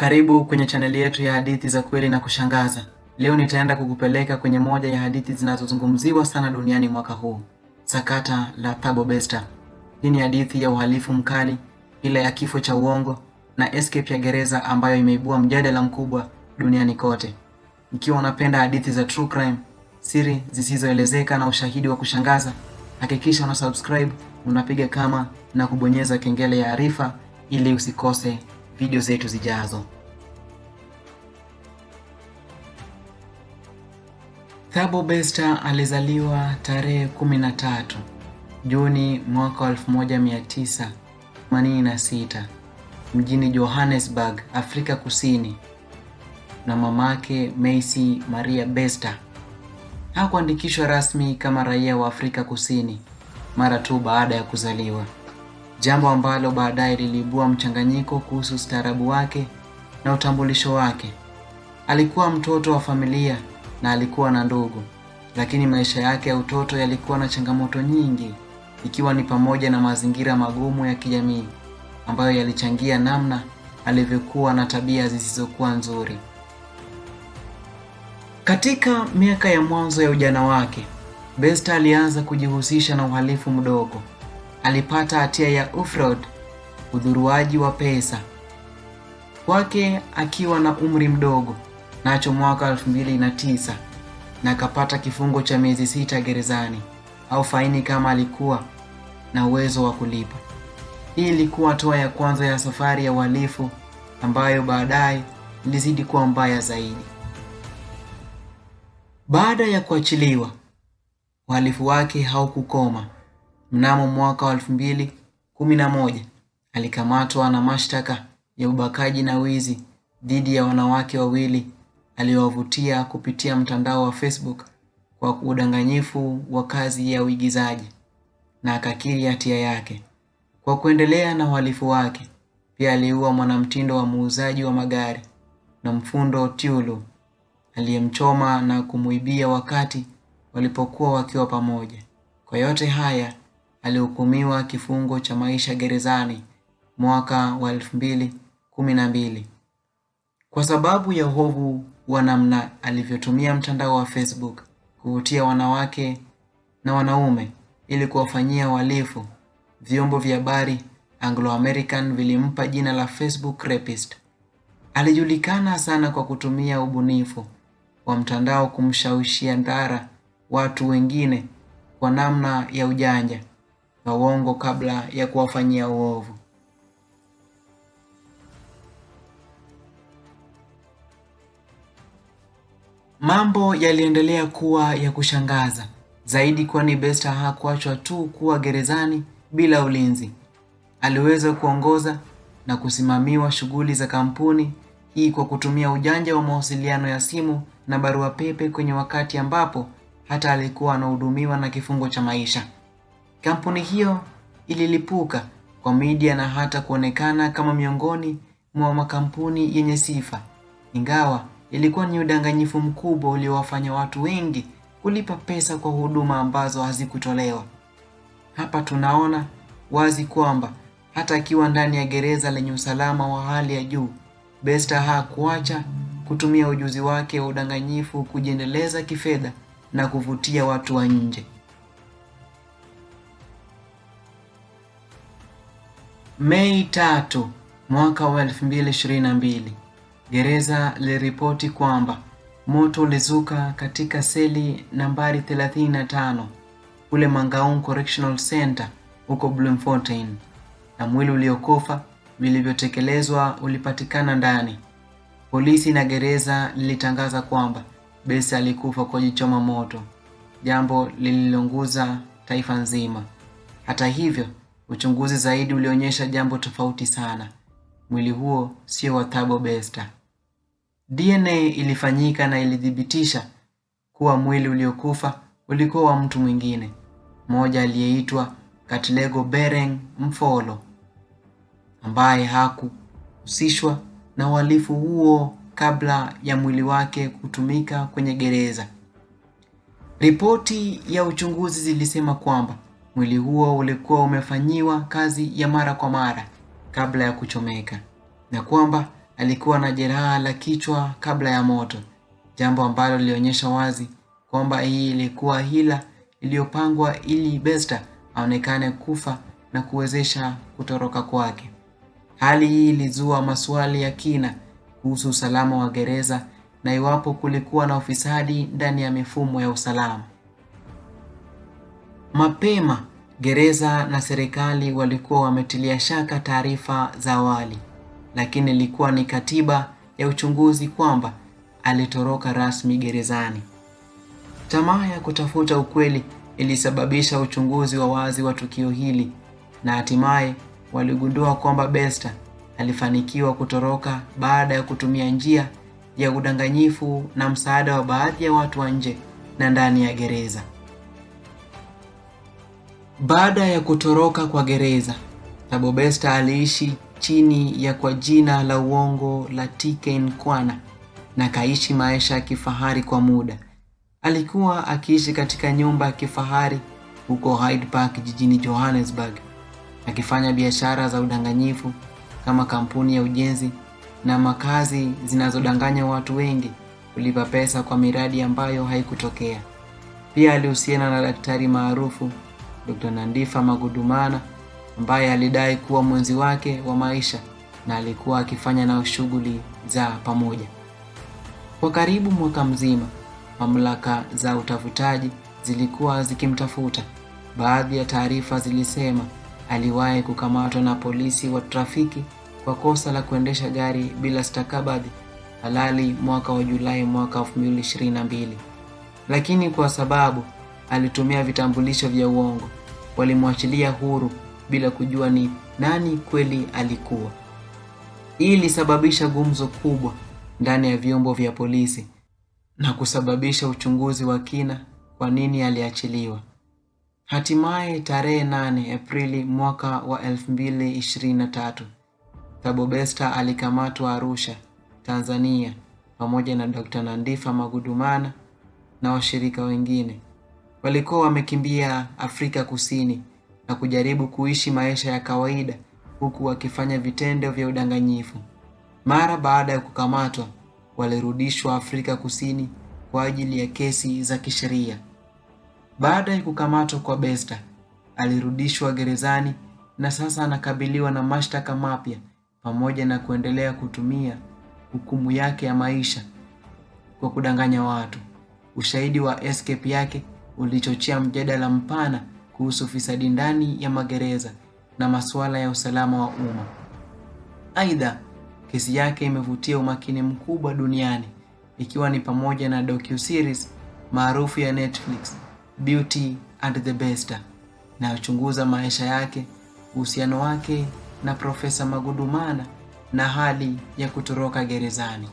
Karibu kwenye chaneli yetu ya hadithi za kweli na kushangaza. Leo nitaenda kukupeleka kwenye moja ya hadithi zinazozungumziwa sana duniani mwaka huu, sakata la Thabo Bester. Hii ni hadithi ya uhalifu mkali, ile ya kifo cha uongo na escape ya gereza ambayo imeibua mjadala mkubwa duniani kote. Ikiwa unapenda hadithi za true crime, siri zisizoelezeka na ushahidi wa kushangaza, hakikisha una subscribe, unapiga kama na kubonyeza kengele ya arifa ili usikose video zetu zijazo. Thabo Besta alizaliwa tarehe 13 Juni mwaka 1986 mjini Johannesburg, Afrika Kusini na mamake Macy Maria Besta. Hakuandikishwa rasmi kama raia wa Afrika Kusini mara tu baada ya kuzaliwa jambo ambalo baadaye liliibua mchanganyiko kuhusu ustaarabu wake na utambulisho wake. Alikuwa mtoto wa familia na alikuwa na ndugu, lakini maisha yake ya utoto yalikuwa na changamoto nyingi, ikiwa ni pamoja na mazingira magumu ya kijamii ambayo yalichangia namna alivyokuwa na tabia zisizokuwa nzuri. Katika miaka ya mwanzo ya ujana wake, Besta alianza kujihusisha na uhalifu mdogo alipata hatia ya ufraud, udhuruaji wa pesa, kwake akiwa na umri mdogo, nacho mwaka 2009 na akapata kifungo cha miezi sita gerezani au faini kama alikuwa na uwezo wa kulipa. Hii ilikuwa hatua ya kwanza ya safari ya uhalifu ambayo baadaye ilizidi kuwa mbaya zaidi. Baada ya kuachiliwa, uhalifu wake haukukoma. Mnamo mwaka wa elfu mbili kumi na moja alikamatwa na mashtaka ya ubakaji na wizi dhidi ya wanawake wawili aliyowavutia kupitia mtandao wa Facebook kwa udanganyifu wa kazi ya uigizaji na akakiri hatia yake. Kwa kuendelea na uhalifu wake, pia aliua mwanamtindo wa muuzaji wa magari na mfundo Tiulu aliyemchoma na kumuibia wakati walipokuwa wakiwa pamoja. Kwa yote haya alihukumiwa kifungo cha maisha gerezani mwaka wa mbili kwa sababu ya uovu wa namna alivyotumia mtandao wa Facebook kuvutia wanawake na wanaume ili kuwafanyia uhalifu. Vyombo vya habari Anglo-American vilimpa jina la Facebook rapist. Alijulikana sana kwa kutumia ubunifu wa mtandao kumshawishia ndara watu wengine kwa namna ya ujanja na uongo kabla ya kuwafanyia uovu. Mambo yaliendelea kuwa ya kushangaza zaidi, kwani Besta hakuachwa tu kuwa gerezani bila ulinzi. Aliweza kuongoza na kusimamiwa shughuli za kampuni hii kwa kutumia ujanja wa mawasiliano ya simu na barua pepe kwenye wakati ambapo hata alikuwa anahudumiwa na kifungo cha maisha. Kampuni hiyo ililipuka kwa media na hata kuonekana kama miongoni mwa makampuni yenye sifa, ingawa ilikuwa ni udanganyifu mkubwa uliowafanya watu wengi kulipa pesa kwa huduma ambazo hazikutolewa. Hapa tunaona wazi kwamba hata akiwa ndani ya gereza lenye usalama wa hali ya juu, besta hakuacha kutumia ujuzi wake wa udanganyifu kujiendeleza kifedha na kuvutia watu wa nje. Mei tatu mwaka wa 2022 gereza liliripoti kwamba moto ulizuka katika seli nambari 35 kule Mangaung Correctional Center huko Bloemfontein na mwili uliokufa vilivyotekelezwa ulipatikana ndani. Polisi na gereza lilitangaza kwamba Besi alikufa kwa jichoma moto, jambo lililonguza taifa nzima. Hata hivyo Uchunguzi zaidi ulionyesha jambo tofauti sana. Mwili huo sio wa Thabo Bester. DNA ilifanyika na ilithibitisha kuwa mwili uliokufa ulikuwa wa mtu mwingine, mmoja aliyeitwa Katlego Bereng Mfolo, ambaye hakuhusishwa na uhalifu huo kabla ya mwili wake kutumika kwenye gereza. Ripoti ya uchunguzi zilisema kwamba Mwili huo ulikuwa umefanyiwa kazi ya mara kwa mara kabla ya kuchomeka na kwamba alikuwa na jeraha la kichwa kabla ya moto, jambo ambalo lilionyesha wazi kwamba hii ilikuwa hila iliyopangwa ili besta aonekane kufa na kuwezesha kutoroka kwake. Hali hii ilizua maswali ya kina kuhusu usalama wa gereza na iwapo kulikuwa na ufisadi ndani ya mifumo ya usalama. Mapema Gereza na serikali walikuwa wametilia shaka taarifa za awali, lakini ilikuwa ni katiba ya uchunguzi kwamba alitoroka rasmi gerezani. Tamaa ya kutafuta ukweli ilisababisha uchunguzi wa wazi wa tukio hili na hatimaye waligundua kwamba Bester alifanikiwa kutoroka baada ya kutumia njia ya udanganyifu na msaada wa baadhi ya watu wa nje na ndani ya gereza. Baada ya kutoroka kwa gereza, Tabobesta aliishi chini ya kwa jina la uongo la TK Nkwana na kaishi maisha ya kifahari kwa muda. Alikuwa akiishi katika nyumba ya kifahari huko Hyde Park jijini Johannesburg, akifanya biashara za udanganyifu kama kampuni ya ujenzi na makazi zinazodanganya watu wengi kulipa pesa kwa miradi ambayo haikutokea. Pia alihusiana na daktari maarufu Dr. Nandifa Magudumana ambaye alidai kuwa mwenzi wake wa maisha na alikuwa akifanya nao shughuli za pamoja. Kwa karibu mwaka mzima, mamlaka za utafutaji zilikuwa zikimtafuta. Baadhi ya taarifa zilisema aliwahi kukamatwa na polisi wa trafiki kwa kosa la kuendesha gari bila stakabadhi halali mwaka wa Julai mwaka 2022, lakini kwa sababu alitumia vitambulisho vya uongo walimwachilia huru bila kujua ni nani kweli alikuwa. Hii ilisababisha gumzo kubwa ndani ya vyombo vya polisi na kusababisha uchunguzi wa kina kwa nini aliachiliwa. Hatimaye tarehe 8 Aprili mwaka wa 2023, Thabo Besta alikamatwa Arusha, Tanzania pamoja na Dr. Nandifa Magudumana na washirika wengine. Walikuwa wamekimbia Afrika Kusini na kujaribu kuishi maisha ya kawaida huku wakifanya vitendo vya udanganyifu. Mara baada ya kukamatwa, walirudishwa Afrika Kusini kwa ajili ya kesi za kisheria. Baada ya kukamatwa kwa Bester, alirudishwa gerezani na sasa anakabiliwa na mashtaka mapya pamoja na kuendelea kutumia hukumu yake ya maisha kwa kudanganya watu. Ushahidi wa escape yake ulichochea mjadala mpana kuhusu fisadi ndani ya magereza na masuala ya usalama wa umma. Aidha, kesi yake imevutia umakini mkubwa duniani ikiwa ni pamoja na docu-series maarufu ya Netflix Beauty and the Beast inayochunguza maisha yake, uhusiano wake na Profesa Magudumana na hali ya kutoroka gerezani.